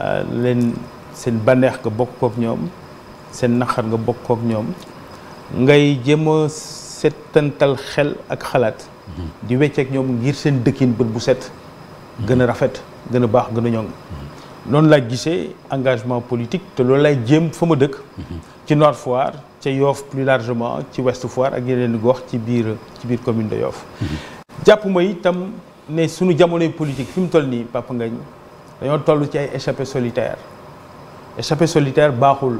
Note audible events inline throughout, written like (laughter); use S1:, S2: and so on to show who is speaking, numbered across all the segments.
S1: Euh, leen seen bànneex nga bokk kook ñoom seen naqar nga bokk kook ñoom ngay jéem a settantal xel ak xalaat mm-hmm. di wecceek ñoom ngir seen dëkkin bët bu set mm-hmm. gën a rafet gën a baax gën a ñoŋ mm-hmm. noonu laa gisee engagement politique te loolu lay jéem fa ma dëkk ci Nord Foire ca Yoff plus largement ci Ouest Foire ak yeneen gox ci biir ci biir commune de Yoff jàpp ma tam ne sunu jamonoy politique fi mu toll nii Papa Ngagne dañoo toll ci ay échappée solitaire échappée solitaire baaxul.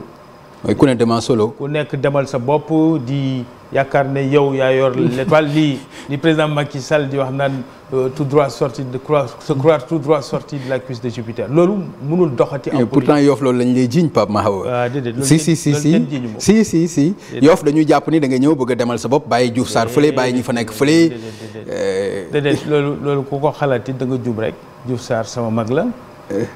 S2: mooy ku ne demal solo.
S1: ku nekk demal sa bopp di yaakaar ne yow yaa yor l'étoile lii li président Macky Sall di wax naan euh, tout droit sorti de croix se croire tout droit sorti de la cuisse de Jupiter loolu mënul doxati. en pourtant loolu
S2: lañ lay jiiñ Pape Mahawa. Ah, si si si si si si si yoof dañuy jàpp ni da nga ñëw bëgg a demal sa bopp bàyyi Diouf Sarr fële bàyyi ñu fa nekk fële.
S1: Euh, déedéet loolu loolu ku ko xalaati da nga jub rek. Diouf Sarr sama mag la. Eh,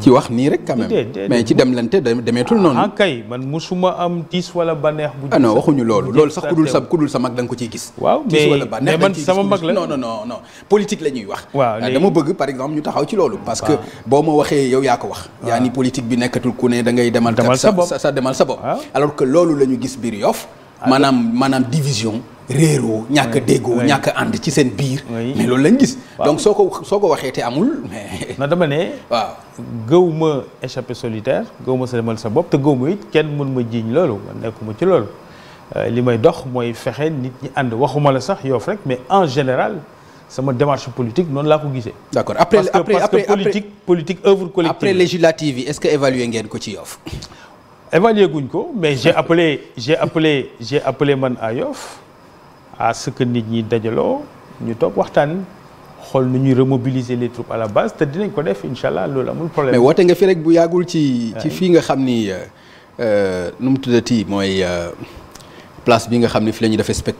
S1: ci wax nii rek quand même mais ci demlante demeetul noonu. ah kay man musuma am tiis wala bànneex bu. ah non waxuñu loolu loolu sax ku sa ku
S2: sa mag da nga ko ciy gis. waaw mais man sama mag la non non non politique la ñuy wax. waaw ah, dama bëgg par exemple ñu taxaw ci loolu. parce que boo ma waxee yow yaa ko wax. yaa ni politique bi nekkatul ku ne dangay ngay demal. demal sa sa demal sa bopp. alors que loolu la ñu gis biir Yoff. Ah, maanaam maanaam division. réeroo ñàkk a déggoo ñàkk a ànd
S1: ci seen biir. mais loolu lañ gis. donc soo ko soo ko waxee te amul mais. (laughs) na dama ne. waaw gëw ma échappé solitaire gëw ma sa demal sa bopp te gëw ma it kenn mën ma jiiñ loolu nekkuma ci loolu. Euh, li may dox mooy fexe nit ñi ànd waxuma la sax Yoff rek mais en général sama démarche politique noonu laa ko gisee. d'accord après parce que, après parce que après, politique après, politique œuvre collective. yi est-ce que évaluer ngeen ko ci Yoff. évaluer guñ ko mais j'ai appelé j'ai appelé j'ai appelé man à à ce nit ñi dajaloo ñu toog waxtaan xool nu ñuy remobiliser les troupes à la base te dinañ ko def incha allah loolu amul problème. mais woote nga
S2: fi rek bu yàggul ci ci fii
S1: nga xam ni euh, euh, nu mu ti
S2: mooy euh, place bi nga xam ni fi la ñuy defee spectacle.